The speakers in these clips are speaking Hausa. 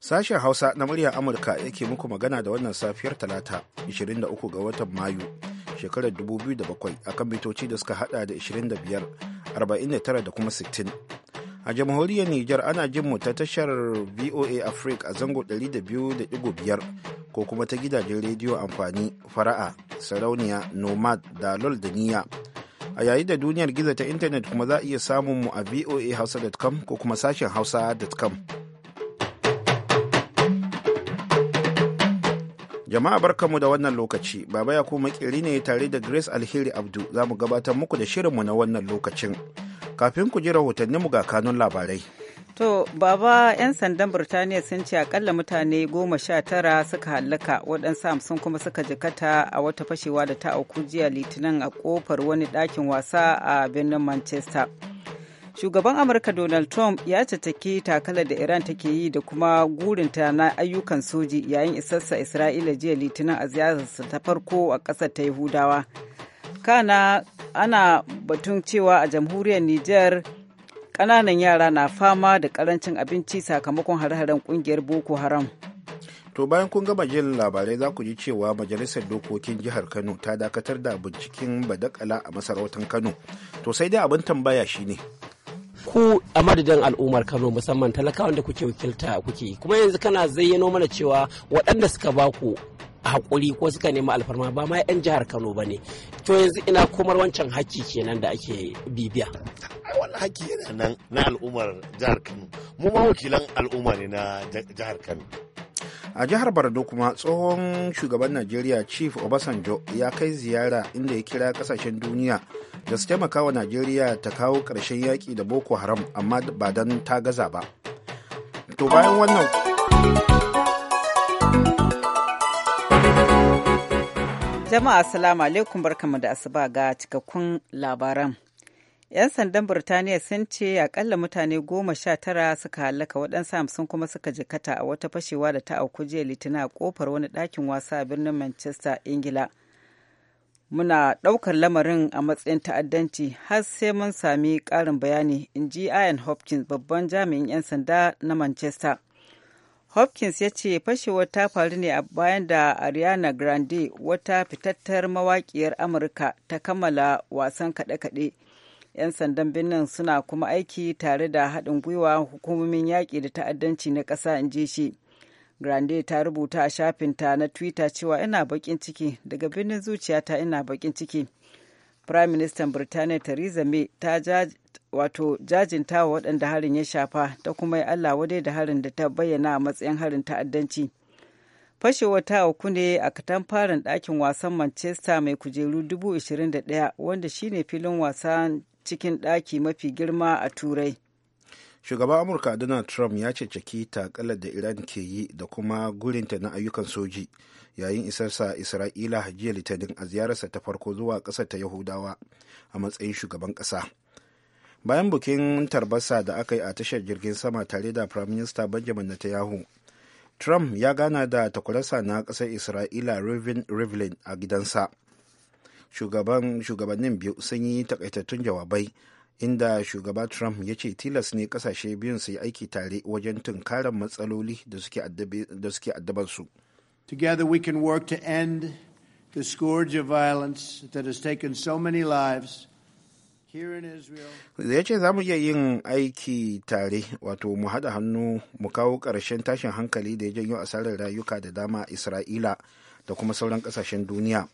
Sashen Hausa na muryar Amurka yake muku magana da wannan safiyar Talata 23 ga watan Mayu shekarar 2007 akan mitoci da suka hada da 25, 49 da kuma 60. A jamhuriyar Nijar ana jin mu ta tashar VOA Africa a zango 200.5 ko kuma ta gidajen rediyo amfani fara'a, sarauniya, nomad, dalol da niyya a yayin da duniyar gizo ta intanet kuma za a iya samun mu a voahausa.com ko kuma sashen hausa.com jama'a mu da wannan lokaci baba ya kuma makiri ne tare da grace alheri abdu za mu gabatar muku da shirinmu na wannan lokacin kafin ku ji mu ga kanun labarai To, baba 'yan sandan Birtaniya sun ce akalla mutane goma sha tara suka hallaka waɗansu hamsin kuma suka jikata a wata fashewa da ta auku jiya litinin a ƙofar wani ɗakin wasa a birnin Manchester. Shugaban Amurka Donald Trump ya cataki takalar da Iran take yi da kuma gurinta na ayyukan soji yayin isarsa Isra'ila jiya litinin a ziyararsa ta farko a ƙasar ta Yahudawa. Kana ana batun cewa a jamhuriyar Nijar ƙananan yara na fama da karancin abinci sakamakon hare-haren ƙungiyar boko haram to bayan kun gama jin labarai za ku ji cewa majalisar dokokin jihar kano ta dakatar da binciken badakala a masarautar kano to sai dai abin tambaya shine ku a madadin al'ummar kano musamman talakawan da kuke wakilta kuke kuma yanzu kana zayyano mana cewa waɗanda suka baku hakuri ko suka nemi alfarma ba ma 'yan jihar kano ba ne to yanzu ina komar wancan haki kenan da ake bibiya wannan haki yana nan na al'ummar jihar kano mu ma wakilan al'umma ne na jihar kano a jihar bardo kuma tsohon shugaban najeriya chief obasanjo ya kai ziyara inda ya kira kasashen duniya da su taimaka wa najeriya ta kawo ƙarshen yaƙi da boko haram amma ba don ta gaza ba to bayan wannan Jama'a Assalamu alaikum barkamu da asuba ga cikakkun labaran. 'Yan sandan Burtaniya sun ce akalla mutane goma sha tara suka halaka waɗansu hamsin kuma suka jikata a wata fashewa da ta auku jiya litinin a kofar wani ɗakin wasa a birnin Manchester, Ingila. Muna ɗaukar lamarin a matsayin ta'addanci har sai mun sami ƙarin bayani, in ji Ian Hopkins babban jami'in 'yan sanda na Manchester. Hopkins ya ce fashewar ta faru ne a bayan da Ariana Grande wata fitattar mawaƙiyar Amurka ta kammala wasan kaɗe-kaɗe. 'Yan sandan birnin suna kuma aiki tare da haɗin gwiwa hukumomin yaƙi da ta'addanci na ƙasa in je shi. Grande ta rubuta a shafinta na Twitter cewa ina baƙin ciki daga birnin zuciyata ina baƙin ciki. Firayim Ministan Birtaniya Theresa May ta wato jajintawa waɗanda harin ya shafa ta kuma ya Allah wadai da harin da ta bayyana a matsayin harin ta'addanci. Fashewar ta auku ne a farin ɗakin wasan Manchester mai kujeru 21,000 wanda shine filin wasan cikin ɗaki mafi girma a Turai. Shugaban Amurka Donald Trump ya ceceki takalar da Iran ke yi da kuma gurinta na ayyukan soji yayin isarsa Isra'ila jiya Litinin a ziyararsa ta farko zuwa ƙasar ta Yahudawa a matsayin shugaban ƙasa. bayan bukin tarbasa da aka yi a tashar jirgin sama tare da prime minister benjamin netanyahu trump ya gana da takwarasa na ƙasar isra'ila rivin rivlin a gidansa shugabannin biyu sun yi takaitattun jawabai inda shugaba trump ya ce tilas ne kasashe biyun su yi aiki tare wajen tunkarar matsaloli da suke addabansu together we can work to end the scourge of violence that has taken so many lives ya ce za mu iya yin aiki tare wato mu haɗa hannu mu kawo ƙarshen tashin hankali da ya janyo asarar rayuka da dama isra'ila da kuma sauran ƙasashen duniya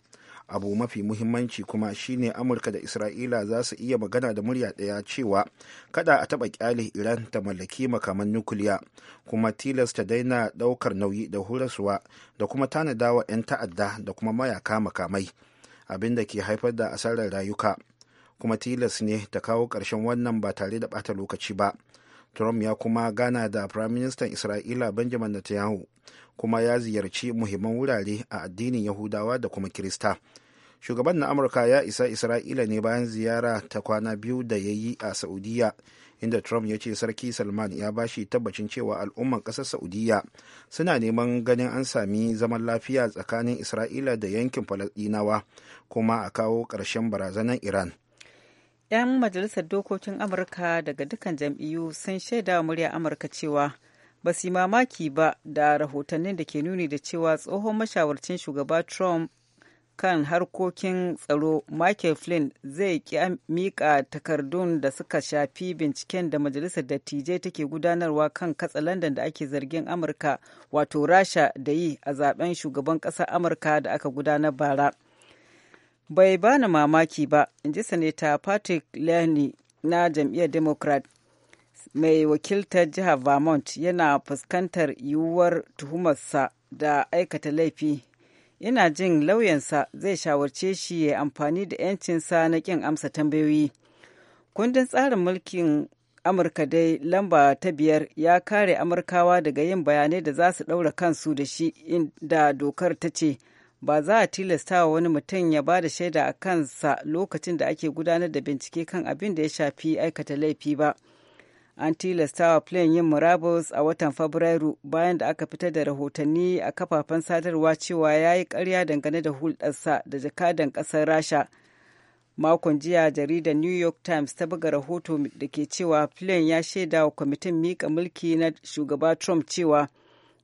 abu mafi muhimmanci kuma shine amurka da isra'ila za su iya magana da murya ɗaya cewa kada a taɓa ƙyale iran ta mallaki makaman nukiliya kuma tilasta daina ɗaukar nauyi da huraswa da kuma tanadawa 'yan ta'adda da kuma mayaka makamai abinda ke haifar da asarar rayuka kuma tilas ne ta kawo ƙarshen wannan ba tare da ɓata lokaci ba trump ya kuma gana da firaministan isra'ila benjamin netanyahu kuma ya ziyarci muhimman wurare a addinin yahudawa da kuma kirista shugaban na amurka ya isa isra'ila ne bayan ziyara ta kwana biyu da ya yi a saudiya inda trump ya ce sarki salman ya ba shi tabbacin cewa al'umman ƙasar saudiya suna neman ganin an sami zaman lafiya tsakanin isra'ila da yankin falasɗinawa kuma a kawo ƙarshen barazanar iran 'yan majalisar dokokin amurka daga dukkan jam'iyyu sun shaida murya amurka cewa ba su yi mamaki ba da rahotannin da ke nuni da cewa tsohon mashawarcin shugaba trump kan harkokin tsaro michael flynn zai ki miƙa takardun da suka shafi binciken da majalisar dattijai take gudanarwa kan katsalandan da ake zargin amurka wato rasha da yi a zaben shugaban ƙasar amurka da aka gudanar bara bai bani mamaki ba in ji sanata patrick leahy na jam'iyyar democrat mai wakiltar jihar vermont yana fuskantar yiwuwar tuhumarsa da aikata laifi ina jin lauyansa zai shawarce shi ya amfani da 'yancinsa na kin amsa tambayoyi kundin tsarin mulkin amurka dai lamba ta biyar ya kare amurkawa daga yin bayanai da za su ɗaura kansu da shi inda dokar ta ce ba za a tilasta wa wani mutum ya ba da shaida a kansa lokacin da ake gudanar da bincike kan abin da ya shafi aikata laifi ba an tilasta wa yin murabus a watan fabrairu bayan da aka fitar da rahotanni a kafafen sadarwa cewa ya yi karya dangane da hulɗarsa da jakadan ƙasar rasha makon jiya jaridar new york times ta buga rahoto da ke cewa plain ya shaida wa kwamitin miƙa mulki na shugaba trump cewa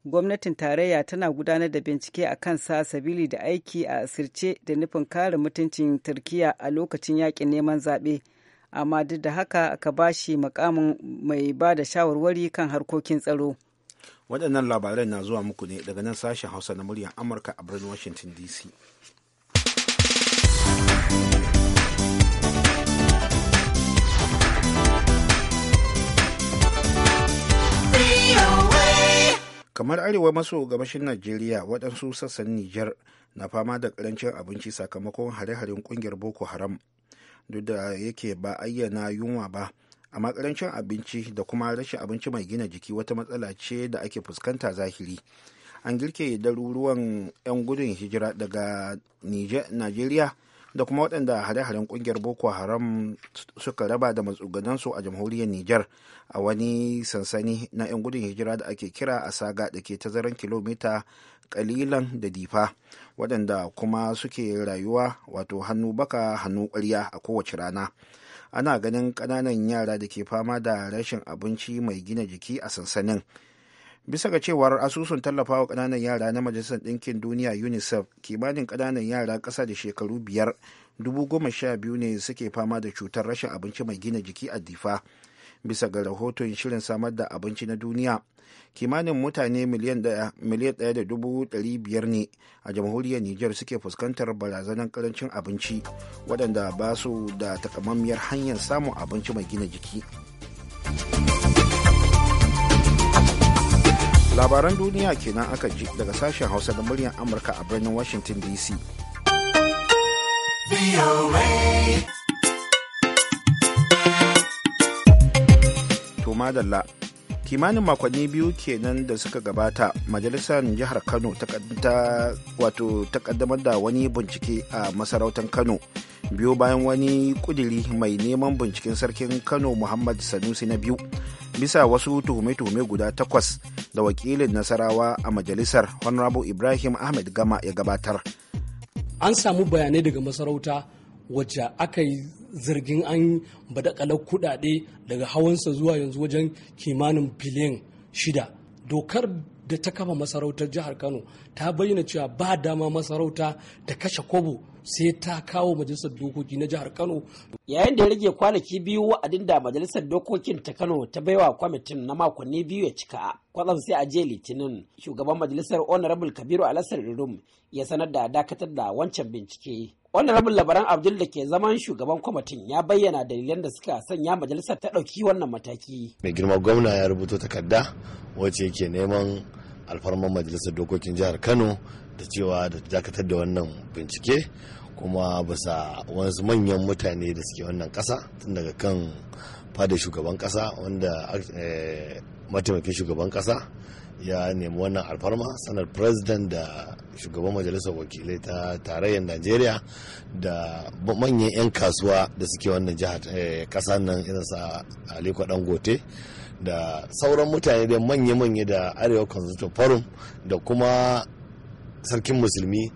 gwamnatin tarayya tana gudanar da bincike a kan sa sabili da aiki a asirce da nufin kare mutuncin turkiya a lokacin yakin neman zaɓe amma duk da haka aka ba shi makamin mai ba da shawarwari kan harkokin tsaro waɗannan labaran na zuwa muku ne daga nan sashen hausa na muryar amurka a birnin washington dc kamar arewa maso gabashin najeriya waɗansu sassan nijar na fama da ƙarancin abinci sakamakon hare-haren ƙungiyar boko haram duk da yake ba ayyana yunwa ba amma ƙarancin abinci da kuma rashin abinci mai gina jiki wata matsala ce da ake fuskanta zahiri an girke daruruwan 'yan gudun hijira daga najeriya da kuma waɗanda hare-haren ƙungiyar boko haram suka raba da su a jamhuriyar niger a wani sansani na 'yan gudun hijira da ake kira a saga da ke tazaran kilomita kalilan da difa waɗanda kuma suke rayuwa wato hannu baka hannu ƙwarya a kowace rana ana ganin ƙananan yara da ke fama da rashin abinci mai gina jiki a sansanin bisa ga cewar asusun tallafawa ƙananan yara na majalisar ɗinkin duniya unicef kimanin ƙananan yara ƙasa da shekaru biyar dubu goma sha biyu ne suke fama da cutar rashin abinci mai gina jiki a difa bisa ga rahoton shirin samar da abinci na duniya kimanin mutane miliyan ɗaya da dubu ɗari biyar ne a jamhuriyar niger suke fuskantar barazanar karancin abinci waɗanda ba su da takamammiyar hanyar samun abinci mai gina jiki labaran duniya kenan aka ji daga sashen hausa da muryar amurka a birnin washington dc to madalla kimanin makonni biyu kenan da suka gabata majalisar jihar kano ta kaddamar da wani bincike a masarautar kano biyu bayan wani kudiri mai neman binciken sarkin kano muhammad sanusi na biyu bisa wasu tuhume-tuhume guda takwas da wakilin nasarawa a majalisar honorable ibrahim ahmed gama ya gabatar an samu bayanai daga masarauta wacce aka yi zargin an badakalar kudade daga hawansa zuwa yanzu wajen kimanin biliyan shida dokar da ta kafa masarautar jihar kano ta bayyana cewa ba dama masarauta ta kashe kobo sai ta kawo majalisar dokoki na jihar kano yayin da ya rage kwanaki biyu wa'adin da majalisar dokokin ta kano ta baiwa kwamitin na makonni biyu ya cika kwatsam sai a je litinin shugaban majalisar honorable kabiru alassar irum ya sanar da dakatar da wancan bincike honorable labaran abdul da ke zaman shugaban kwamitin ya bayyana dalilan da suka sanya majalisar ta ɗauki wannan mataki mai girma gwamna ya rubuto takarda wacce ke neman alfarman majalisar dokokin jihar kano da cewa da dakatar da wannan bincike kuma bisa wasu manyan mutane da suke wannan kasa tun daga kan fada shugaban kasa wanda eh, mataimakin shugaban kasa ya nemi wannan alfarma sanar president da shugaban majalisar wakilai ta tarayyar najeriya da manyan 'yan kasuwa da suke wannan jihar kasa eh, nan irin sa aliko dangote da sauran mutane da manya-manya da arewa consultant forum da kuma sarkin musulmi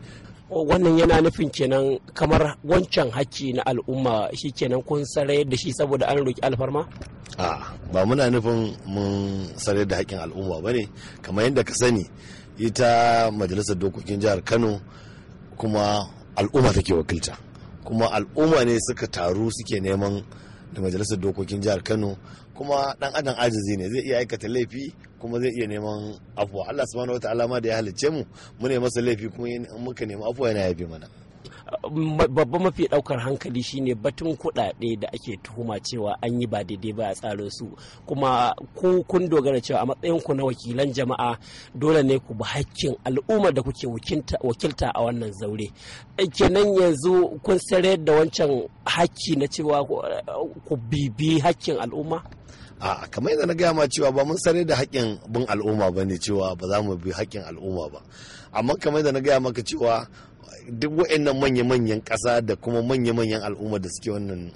wannan yana nufin kenan kamar wancan hakki na al'umma shi kenan kun sarai da shi saboda an roƙi alfarma a ba muna nufin mun sarai da hakkin al'umma ba ne kamar yadda ka sani ita majalisar dokokin jihar kano kuma al'umma take wakilta kuma al'umma ne suka taru suke neman da majalisar dokokin jihar kano kuma dan adam ajizi ne zai iya aikata laifi kuma zai iya neman afuwa Allah subhanahu wataala ma da ya halicce mu mu ne masa laifi kuma in muka nemi afuwa yana bi mana babban mafi daukar hankali shine batun kuɗaɗe da ake tuhuma cewa an yi ba daidai ba a tsaro su kuma ku kun dogara cewa a matsayin ku na wakilan jama'a dole ne ku bi hakkin al'umma da kuke wakilta a wannan zaure eh, kenan yanzu kun sayar da wancan hakki na cewa ku bibi hakkin al'umma a kamar yadda na gaya ma cewa ba mun sare da haƙƙin bin al'umma ba ne cewa ba za mu bi haƙƙin al'umma ba amma kamar yadda na gaya maka cewa duk waɗannan manya-manyan ƙasa da kuma manya-manyan al'umma da suke wannan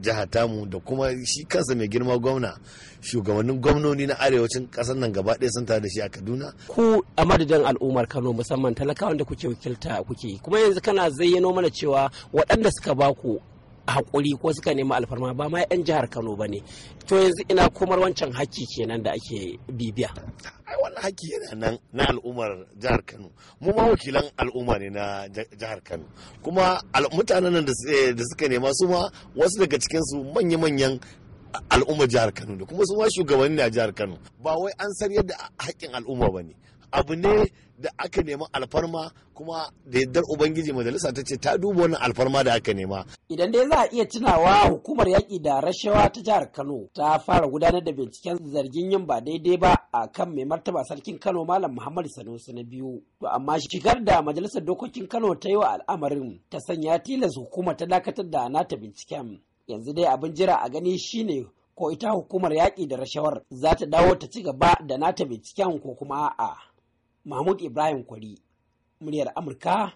jiha tamu da kuma shi kansa mai girma gwamna shugabannin gwamnoni na arewacin ƙasar nan gaba ɗaya sun tare da shi a kaduna ku a madadin al'ummar kano musamman talakawan da kuke wakilta kuke kuma yanzu kana zayyano mana cewa waɗanda suka baku haƙuri ko suka nema alfarma ba ma 'yan jihar kano ba ne to yanzu ina komar wancan haƙƙi kenan da ake bibiya ai wannan haƙƙi yana nan na al'ummar jihar kano mu ma wakilan al'umma ne na jihar kano kuma mutanen nan eh, da suka nema su ma wasu daga cikinsu manya-manyan al'ummar jihar kano da kuma su ma shugabanni a jihar kano ba wai an san yadda hakkin al'umma ba ne abu ne da aka nema alfarma kuma da yaddar ubangiji majalisa ta ce ta duba wannan alfarma da aka nema idan dai za a iya tunawa hukumar yaƙi da rashawa ta jihar kano ta fara gudanar da binciken zargin yin ba daidai ba a kan mai martaba sarkin kano malam muhammad sanusi na biyu to amma shigar da majalisar dokokin kano ta yi wa al'amarin ta sanya tilas hukumar ta dakatar da nata binciken yanzu dai abin jira a gani shine ko ita hukumar yaƙi da rashawar za ta dawo ta ci gaba da nata binciken ko kuma a'a. mahmud ibrahim kwari muryar amurka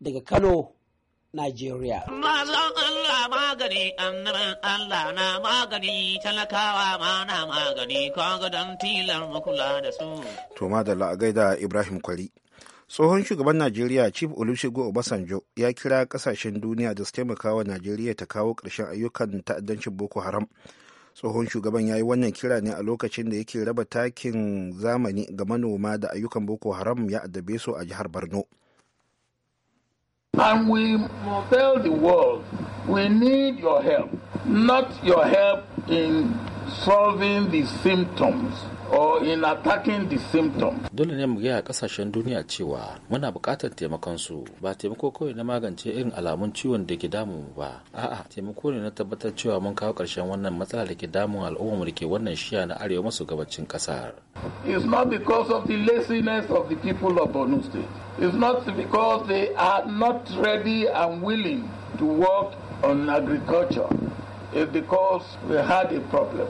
daga kano Najeriya. Mazan Allah magani, annabin Allah na magani, talakawa ma na magani, kaga don tilar makula da su. To madalla a gaida Ibrahim Kwari. Tsohon shugaban Najeriya Chief Olusegun Obasanjo ya kira kasashen duniya da su taimaka wa Najeriya ta kawo ƙarshen ayyukan ta'addancin Boko Haram tsohon shugaban ya yi wannan kira ne a lokacin da yake raba takin zamani ga manoma da ayyukan boko haram ya addabe su a jihar borno And we tell the world we need your help, not your help in solving the symptoms. or in attacking the symptom. Dole ne mu gaya kasashen duniya cewa muna buƙatar taimakon su ba taimako kawai na magance irin alamun ciwon da ke damu ba. A'a taimako ne na tabbatar cewa mun kawo ƙarshen wannan matsala da ke damun al'ummar da ke wannan shiya na arewa maso gabacin ƙasar. It's not because of the laziness of the people of Borno State. It's not because they are not ready and willing to work on agriculture. It's because we had a problem.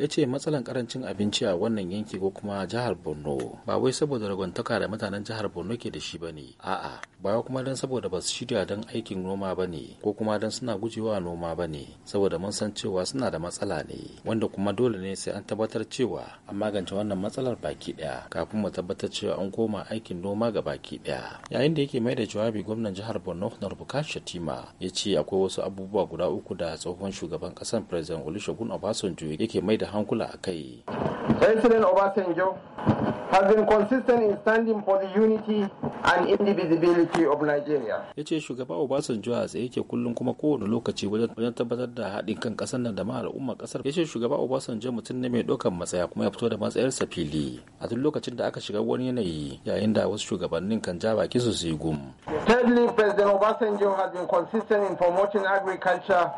ya ce matsalan karancin abinci a wannan yanki ko kuma jihar borno ba wai saboda ragwantaka da mutanen jihar borno ke da shi ba ne a'a ba kuma don saboda ba su shirya don aikin noma ba ne ko kuma don suna gujewa noma ba ne saboda mun san cewa suna da matsala ne wanda kuma dole ne sai an tabbatar cewa an magance wannan matsalar baki daya kafin mu tabbatar cewa an koma aikin noma ga baki daya yayin da yake mai da jawabi gwamnan jihar borno honar bukar shatima ya ce akwai wasu abubuwa guda uku da tsohon shugaban kasan president olusegun obasanjo yake mai da da hankula a kai. President Obasanjo has been consistent in standing for the unity and indivisibility of Nigeria. Ya ce shugaba Obasanjo a tsaye ke kullum kuma kowane lokaci wajen tabbatar da haɗin kan ƙasar nan da ma al'ummar ƙasar. Ya ce shugaba Obasanjo mutum ne mai ɗaukar matsaya kuma ya fito da matsayarsa fili. A duk lokacin da aka shiga wani yanayi yayin da wasu shugabannin kan ja baki su su yi gum. Thirdly, President Obasanjo has been consistent in promoting agriculture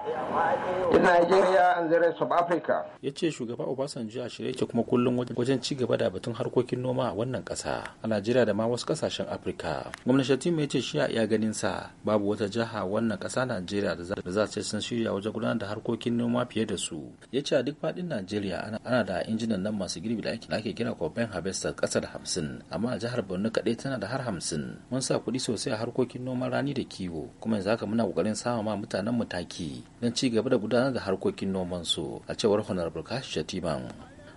in Nigeria and the rest of Africa. Ya ce shugaba Obasanjo a shirye yake kuma kullum wajen ci gaba da batun harkokin noma a wannan kasa a Najeriya da ma wasu kasashen Afirka. Gwamnati mai ce shi a iya ganin sa babu wata jiha wannan kasa Najeriya da za ta sun shirya wajen gudanar da harkokin noma fiye da su. Ya ce a duk faɗin Najeriya ana da injinan nan masu girbi da ake kira Copen Harvester ƙasa da hamsin amma a jihar Borno kaɗai tana da har hamsin. Mun sa kuɗi sosai a harkokin noman rani da kiwo kuma yanzu haka muna ƙoƙarin sama ma mutanen mu taki don ci gaba da gudanar da harkokin noman su a cewar Honorable Shatiman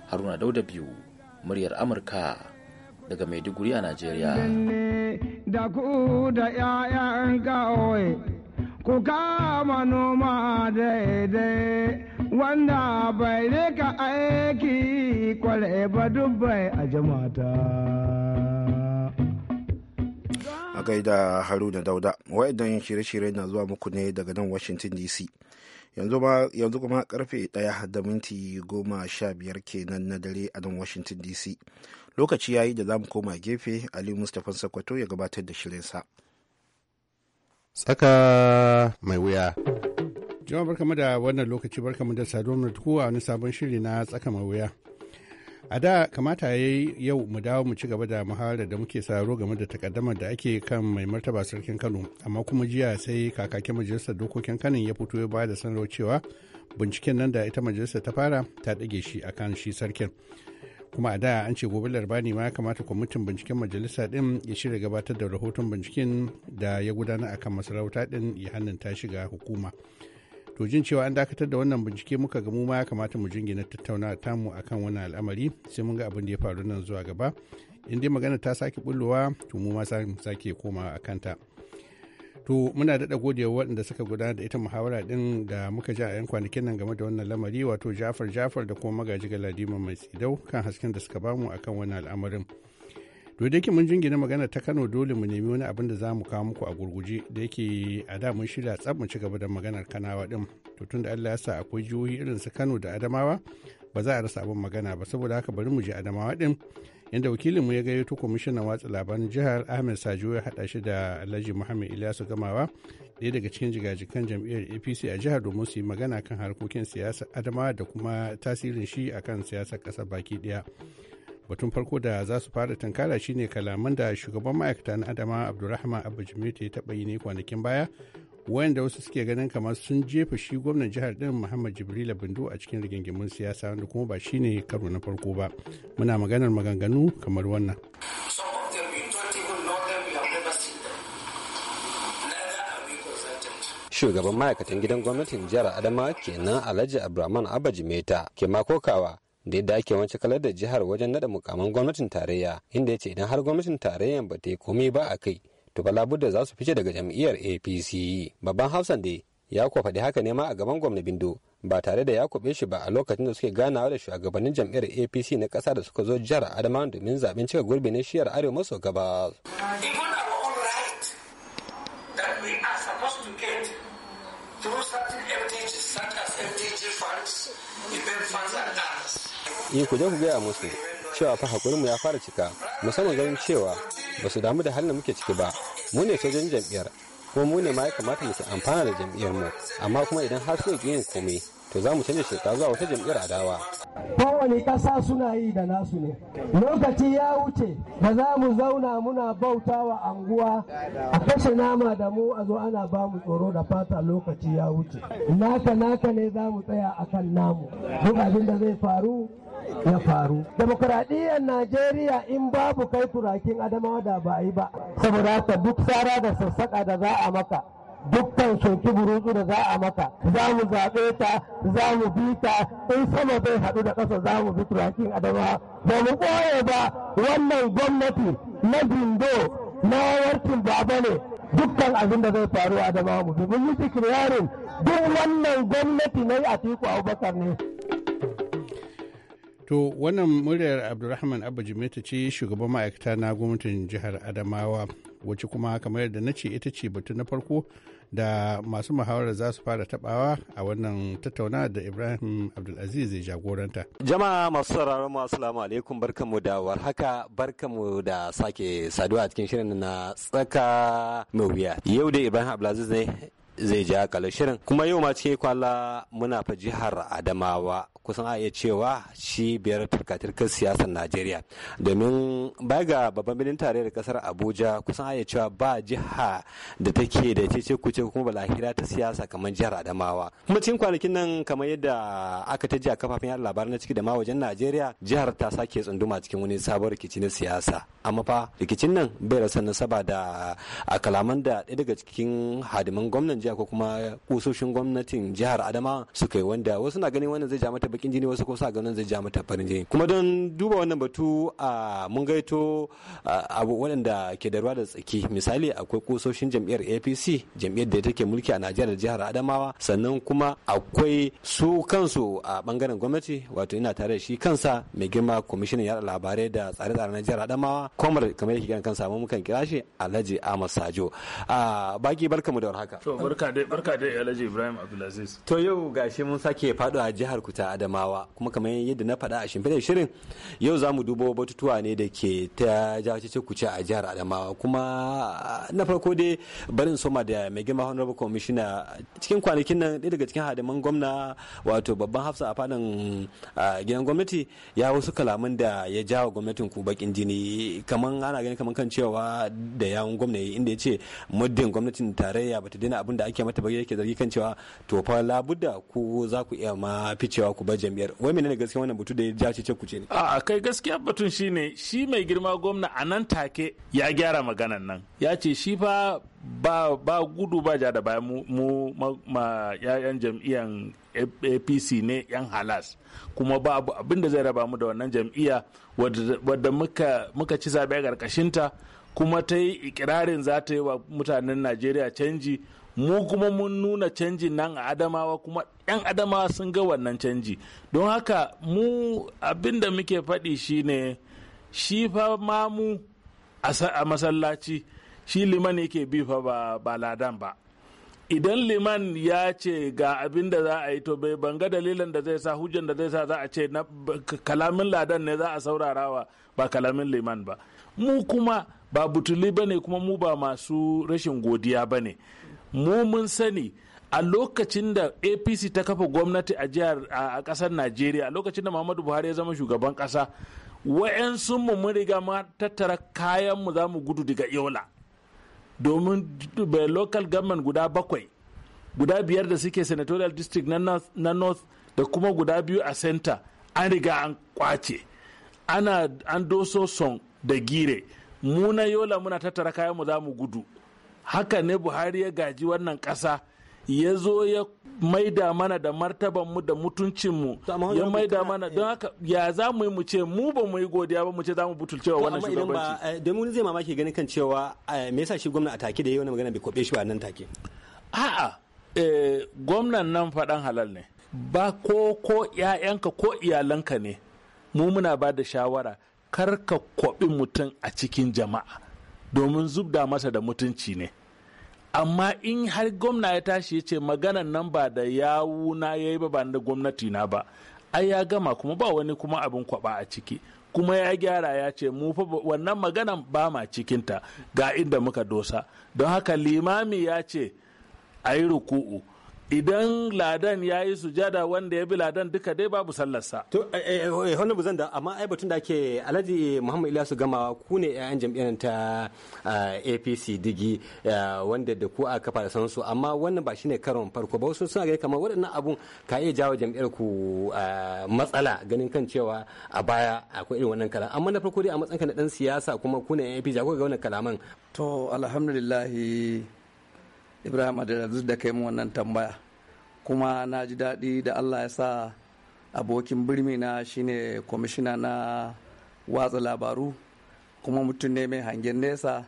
Haruna Dauda biyu muryar Amurka daga Maiduguri a Najeriya. Da ku da 'ya'yan kawai ku kama noma daidai wanda bai rika aiki kwale ba dubbai a jamata. A gaida Haruna Dauda, wa'idan shirye-shirye na zuwa muku ne daga nan Washington DC. yanzu kuma karfe daya da minti goma sha biyar kenan na dare a nan washington dc lokaci yayi da zamu koma gefe ali mustapha sakwato ya gabatar da shirinsa tsaka mai wuya jama'a barkamu da wannan lokaci barkamu da saduwar mu a wani sabon shiri na tsaka mai wuya a da kamata ya yi yau mu dawo mu ci gaba da muhawarar da muke saro game da takaddamar da ake kan mai martaba sarkin kano amma kuma jiya sai kakakin majalisar dokokin kanin ya fito ya ba da sanarwar cewa binciken nan da ita majalisar ta fara ta ɗage shi a kan shi sarkin kuma a da an ce gobe larba ne ma ya kamata kwamitin binciken majalisa din ya shirya gabatar da rahoton binciken da ya gudana a kan masarauta din ya hannun ta shiga hukuma to jin cewa an dakatar da wannan bincike muka ga mu ma ya kamata mu jingina tattauna tamu akan wannan al'amari sai mun ga abin da ya faru nan zuwa gaba in dai magana ta sake bullowa to mu ma sake koma a kanta to muna daɗa wa waɗanda suka gudanar da ita muhawara ɗin da muka ji a 'yan kwanakin nan game da wannan lamari wato jafar jafar da kuma magaji galadima mai tsidau kan hasken da suka bamu akan wannan al'amarin to da mun jingina magana ta kano dole mu nemi wani abin da za mu kawo muku a gurguje da yake a da mun shirya tsab mu ci gaba da maganar kanawa din to tun da allah ya sa akwai jihohi irin su kano da adamawa ba za a rasa abin magana ba saboda haka bari mu je adamawa din inda wakilin mu ya gayyato kwamishinan watsa labaran jihar ahmed sajo ya hada shi da alhaji muhammad ilyasu gamawa ɗaya daga cikin jigajikan jam'iyyar apc a jihar domin su yi magana kan harkokin siyasa adamawa da kuma tasirin shi akan siyasar kasa baki ɗaya batun farko da za su fara tankara shine kalaman da shugaban ma'aikata na adama abdulrahman abu jimiti ya taba yi ne kwanakin baya wanda wasu suke ganin kamar sun jefa shi gwamnan jihar din muhammad jibrila bindu a cikin rigingimin siyasa wanda kuma ba shine karo na farko ba muna maganar maganganu kamar wannan shugaban ma'aikatan gidan gwamnatin jihar adama kenan alhaji abdulrahman abaji meta ke makokawa da yadda ake wance kalar da jihar wajen nada mukaman gwamnatin tarayya inda ya ce idan har gwamnatin tarayyan ba ta yi komai ba a kai to ba labudda za su fice daga jam'iyyar apc babban hausan da ya kuwa faɗi haka ne ma a gaban gwamna bindo ba tare da ya kuɓe shi ba a lokacin da suke ganawa da shugabannin jam'iyyar apc na ƙasa da suka zo jihar adama domin zaɓen cika gurbi na shiyar arewa maso gabas. eh ku je ku gaya musu cewa fa hakurinmu ya fara cika musamman ganin cewa basu damu da halin muke ciki ba mu ne sojan jam'iyyar kuma mu ne ma ya kamata mu amfana da jam'iyyar mu amma kuma idan har su yin komai to za mu canza shekara zuwa wata jam'iyyar adawa. kowane ƙasa suna yi da nasu ne lokaci ya wuce ba za mu zauna muna bauta wa anguwa a kashe nama da mu a zo ana ba mu tsoro da fata lokaci ya wuce naka naka ne za mu tsaya akan namu duk abin da zai faru ya faru Demokradiyyar najeriya in babu kai turakin adamawa da ba yi ba saboda haka duk tsara da sassaƙa da za a maka dukkan soki burutu da za a maka za mu zaɓe ta za mu bi ta in sama zai haɗu da ƙasa za mu bi turakin adamawa ba mu ɓoye ba wannan gwamnati na bindo na warkin baba ne dukkan abin da zai faru a adamawa mu bi mun yi duk wannan gwamnati na yi a tiku abubakar ne To wannan muryar Abdulrahman Abba Jimeta ce shugaban ma'aikata na gwamnatin jihar Adamawa wacce kuma kamar yadda na ce ita ce batun na farko da masu muhawarar za su fara tabawa a wannan tattauna da Ibrahim Abdulaziz zai jagoranta. Jama'a masu sauraron mu assalamu alaikum barkamu da warhaka barkamu da sake saduwa a cikin shirin na tsaka mai wuya. Yau da Ibrahim Abdulaziz ne zai ja kalin shirin kuma yau ma cikin kwala muna fa jihar adamawa kusan a iya cewa cibiyar turkatirkar siyasar najeriya domin baya ga babban birnin tarayyar kasar abuja kusan a iya cewa ba jiha da take da cece kuce kuma lahira ta siyasa kamar jihar adamawa kuma cikin kwanakin nan kamar yadda aka ta a kafafen yada labarai na ciki da ma wajen najeriya jihar ta sake tsunduma cikin wani sabon rikici na siyasa amma fa rikicin nan bai rasa nasaba da a kalaman da ɗaya daga cikin hadiman gwamnan jihar jiya ko kuma kusoshin gwamnatin jihar adama suka yi wanda wasu na ganin wannan zai ja mata bakin jini wasu ko sa ganin zai ja mata farin jini kuma don duba wannan batu a mun gaito abu waɗanda ke da ruwa da tsaki misali akwai kusoshin jam'iyyar apc jam'iyyar da take mulki a najeriya da jihar adamawa sannan kuma akwai su kansu a bangaren gwamnati wato ina tare da shi kansa mai girma kwamishinan yada labarai da tsare-tsare na jihar adamawa kwamar kamar yake gina kansa mu kan kira shi alhaji ahmad sajo baki barkamu da warhaka barka dai barka dai Alhaji Ibrahim Abdulaziz to yau gashi mun sake fado a jihar Kuta Adamawa kuma kamar yadda na faɗa a shimfiɗar shirin yau za mu dubo batutuwa ne da ke ta jawo kuce a jihar Adamawa kuma ah, na farko dai barin soma da mai girma honorable commissioner cikin kwanakin nan ɗaya daga cikin hadiman gwamna wato babban hafsa a fadan ah, gidan gwamnati ya wasu kalaman da ya jawo gwamnatin ku bakin jini kaman ana gani kaman kan cewa da yawun gwamnati inda ya ce muddin gwamnatin tarayya bata daina abin da ake mata bayyana ke zargi kan cewa to fa labuda ku za ku iya ma ficewa ku bar jam'iyyar wai menene gaskiya wannan batu da ya ja ce ku ce ne a kai gaskiya batun shine shi mai girma gwamna a nan take ya gyara maganan nan ya ce shi fa ba ba gudu ba ja da baya mu ma yayan jam'iyyan apc ne yan halas kuma ba abin da zai raba mu da wannan jam'iyya wadda muka muka ci zabe a karkashinta kuma ta yi ikirarin za ta yi wa mutanen najeriya canji mu kuma mun nuna canjin nan a adamawa kuma 'yan adamawa sun ga wannan canji don haka mu abin da muke faɗi shine shi fa mamu a masallaci shi liman yake bi fa ba ladan ba idan liman ya ce ga abin da za a yi to bai banga dalilan da zai sa hujjan da zai sa za a ce kalamin ladan ne za a saurarawa ba kalamin liman ba mu kuma ba butuli ba ne kuma mu ba masu rashin godiya ba ne mu mun sani a lokacin da apc ta kafa gwamnati a jihar a kasar najeriya a lokacin da muhammadu buhari ya zama shugaban kasa wa'yansu mu mun riga ma tattara kayan mu za mu gudu daga yola domin local government guda bakwai guda biyar da suke senatorial district na north da kuma guda biyu a center an riga an kwace ana an doso son da gire muna yola muna tattara kayan mu za mu gudu haka ne buhari ya gaji wannan ƙasa ya zo ya maida mana da martabanmu da mutuncinmu ya maida mana eh. don haka ya za mu yi mu ce mu ba mu yi godiya ba mu ce za mu butul cewa wannan shugabanci eh, domin wani zai mamaki ganin kan cewa eh, me yasa shi gwamna a take da yayi wannan magana bai kobe shi ba nan take a'a gwamnan nan faɗan halal ne ba ko ko ƴaƴanka ko iyalanka ne mu muna ba da shawara kar ka kwaɓi mutum a cikin jama'a domin zubda masa da mutunci ne amma in har gwamna ya tashi ya ce maganan nan ba da yawuna ya yi ba ba da gwamnati na ba ai ya gama kuma ba wani kuma abin kwaba a ciki kuma ya gyara ya ce mu fa wannan maganan ba ma cikinta ga inda muka dosa don haka limami ya ce a yi ruku'u idan ladan ya yi sujada wanda ya bi ladan duka dai babu sallarsa. To, wani buzan da amma ai batun da ake alhaji Muhammad Ilyasu gama ku ne 'ya'yan jam'iyyar ta eh, APC digi eh, wanda da ku a kafa da sansu amma wannan ba shine karon farko ba wasu suna gani kamar waɗannan abun ka iya jawo jam'iyyar ku eh, matsala ganin kan cewa a baya akwai irin wannan kalan amma na farko dai a ka na dan siyasa kuma ku ne APC ga wannan kalaman. To, alhamdulillahi ibrahim adalaziz da kai mu wannan tambaya kuma na ji daɗi da allah ya sa abokin birni na shine kwamishina na watsa labaru kuma mutum ne mai hangen nesa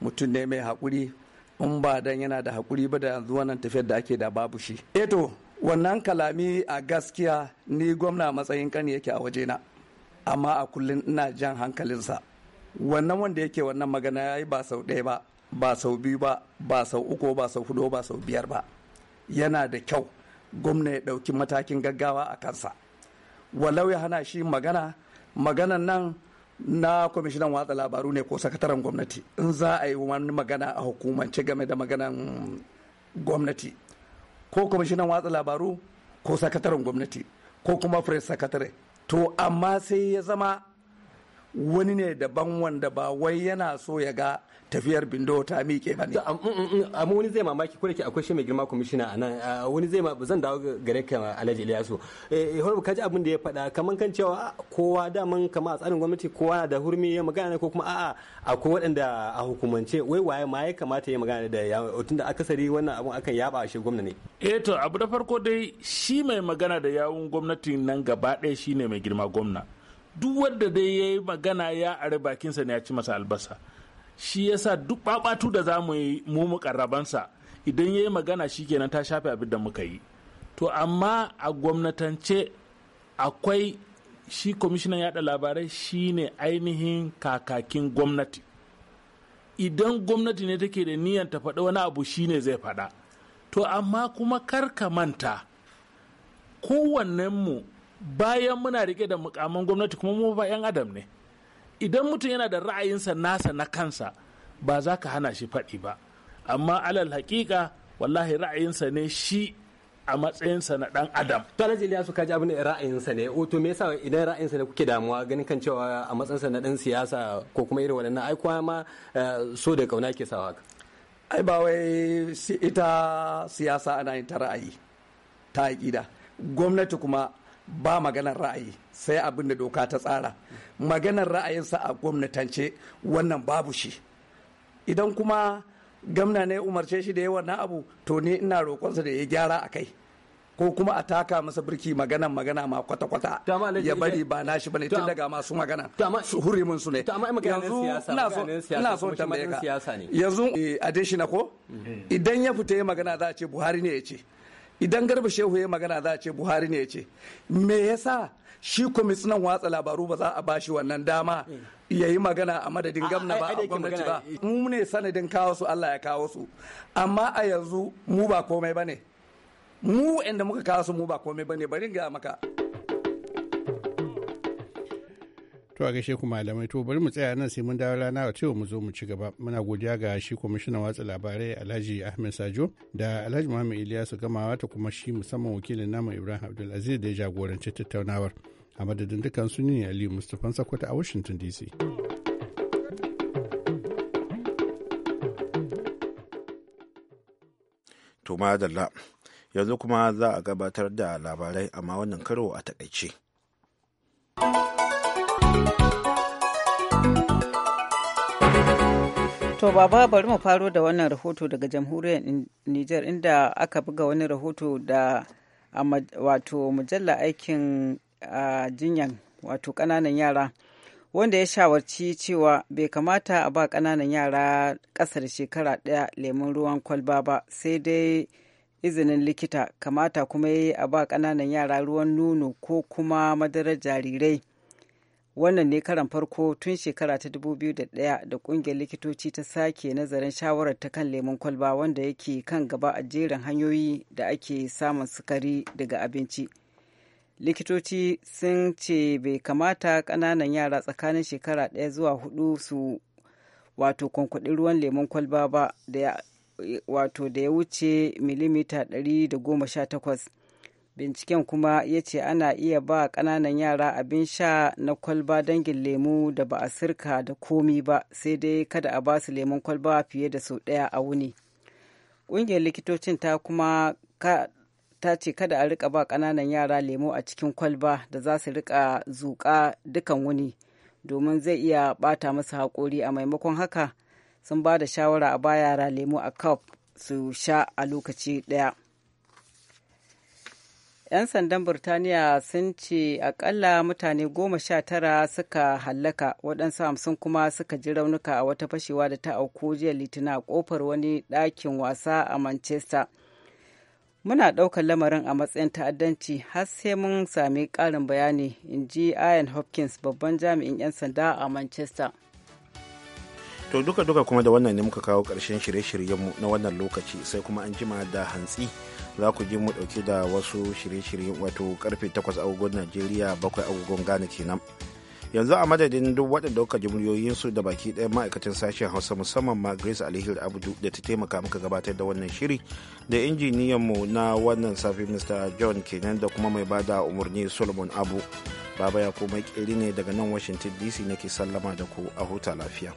mutum ne mai haƙuri in ba dan yana da haƙuri ba da yanzu wannan tafiyar da ake da babu shi eto eh wannan kalami a gaskiya ni gwamna matsayin kan yake a waje na, amma a kullum ina jan hankalinsa wannan wanda yake wannan magana ya yi ba sau ɗaya ba ba sau biyu ba ba sau uku ba sau hudu ba sau biyar ba yana da kyau gwamna ya ɗauki matakin gaggawa a kansa walau ya hana shi magana maganan nan na kwamishinan watsa labaru ne ko sakataren gwamnati in za a yi wani magana a hukumance game da maganan gwamnati ko kwamishinan watsa labaru ko sakataren gwamnati ko kuma press secretary to amma sai ya zama wani ne daban wanda ba wai yana so ya ga tafiyar bindo ta miƙe ba ne. Mm, mm, mm, amma wani zai mamaki ko ke akwai shi mai girma kwamishina a nan wani zai zan dawo gare ka alhaji ilyasu eh, eh, horo ka ji abin da ya faɗa kaman kan cewa kowa daman kama a tsarin gwamnati kowa na da hurmi ya magana ko kuma a'a akwai waɗanda a hukumance wai waye ma ya kamata ya magana da yawo tunda akasari wannan abun akan yaba shi gwamna ne. eh to abu da farko dai shi mai magana da yawun gwamnati nan gaba ɗaya shine mai girma gwamna. duk wanda dai ya yi magana ya are bakinsa ne ya ci masa albasa shi yasa duk babatu da za mu yi mu mukarrabansa idan ya yi magana shi kenan ta shafe abin da muka yi to amma a gwamnatance akwai shi kwamishinan yada labarai shi ne ainihin kakakin gwamnati idan gwamnati ne take da niyan ta faɗa wani abu shi ne zai faɗa to amma kuma kar ka manta kowannenmu bayan muna rike da mukaman gwamnati kuma mu ba 'yan adam ne idan mutum yana da ra'ayinsa nasa na kansa ba za ka hana shi faɗi ba amma alal haƙiƙa wallahi ra'ayinsa ne shi a matsayinsa na dan adam. To Alhaji su kaji abin da ra'ayinsa ne. To me yasa idan ra'ayinsa ne kuke damuwa ganin kan cewa a matsayinsa na dan siyasa ko kuma irin waɗannan ai kuma ma eh, so da kauna ke sawa ka. Ai ba wai ita siyasa ana yin ta ra'ayi ta aƙida. Gwamnati kuma ba maganar ra'ayi sai abin da doka ta tsara maganar ra'ayinsa a gwamnatance wannan babu shi idan kuma gamna ne umarce shi da yawan na abu to ni ina roƙonsa da ya gyara a kai ko kuma a taka masa birki magana magana ma kwata kwata ya bari ba na shi bane tun daga masu magana su mun su ne yanzu ina so ina so ta yanzu eh, adishina ko mm-hmm. idan ya fita ya magana za a ce Buhari ne ya ce idan garba shehu ya magana za a ce buhari ne ya ce me yasa shi kwamitinan watsa labaru ba za a bashi wannan dama ya yi magana a madadin gamna ba a gwamnati ba mu ne sanadin kawo su allah ya kawo su amma a yanzu mu ba komai ba ne mu inda muka kawo su mu ba komai ba ne bari ga maka To a gaishe ku malamai to bari mu tsaya nan sai mun dawo rana a cewa mu zo mu ci gaba. Muna godiya ga shi kwamishinan watsa labarai Alhaji Ahmed Sajo da Alhaji Muhammad su Gamawa ta kuma shi musamman wakilin namu Ibrahim Abdulaziz da ya jagoranci tattaunawar. A madadin dukkan su ne ali Mustapha Sakwata a Washington DC. To madalla yanzu kuma za a gabatar da labarai amma wannan karo a takaice. To baba bari mu faro da wannan rahoto daga jamhuriyar Nijar inda aka buga wani rahoto da wato mujalla aikin jinyan wato ƙananan yara wanda ya shawarci cewa bai kamata a ba ƙananan yara ƙasar shekara ɗaya lemun ruwan kwalba ba sai dai izinin likita kamata kuma ya yi a ba ƙananan yara ruwan nono ko kuma madarar jarirai wannan ne karan farko tun shekara ta 2001 da kungiyar likitoci ta sake nazarin shawarar ta kan lemun kwalba wanda yake kan gaba a jerin hanyoyi da ake samun sukari daga abinci likitoci sun ce bai kamata kananan yara tsakanin shekara ɗaya zuwa hudu su wato kwankwaɗi ruwan lemun kwalba ba da da ya wuce milimita 118 binciken kuma ya ce ana iya ba ƙananan yara abin sha na kwalba dangin lemu da ba a sirka da komi ba sai dai kada a ba su lemun kwalba fiye da sau ɗaya a wuni ƙungiyar likitocin ta kuma ta ce kada a rika ba ƙananan yara lemu a cikin kwalba da za su rika zuƙa dukan wuni domin zai iya ɓata masu haƙori a maimakon haka sun ba da shawara a ba yara lemu a cup su sha a lokaci ɗaya 'yan sandan burtaniya sun ce akalla mutane goma sha tara suka hallaka waɗansu hamsin kuma suka ji raunuka a wata fashewa da ta auku jiya litinin a kofar wani ɗakin wasa a manchester muna ɗaukar lamarin a matsayin ta'addanci har sai mun sami ƙarin bayani in ji ian hopkins babban jami'in 'yan sanda a manchester to duka-duka kuma da wannan ne muka kawo ƙarshen shirye-shiryenmu na wannan lokaci sai kuma an jima da hantsi za ku ji mu dauke da wasu shirye-shirye wato karfe 8 agogon najeriya 7 agogon ghana kenan yanzu a madadin duk waɗanda kuka ji muryoyinsu da baki ɗaya ma'aikatan sashen hausa musamman ma grace alheri abdu da ta taimaka muka gabatar da wannan shiri da injiniyan mu na wannan safi mr john kenan da kuma mai bada umarni solomon abu baba ya komai ƙeri ne daga nan washington dc nake sallama da ku a huta lafiya.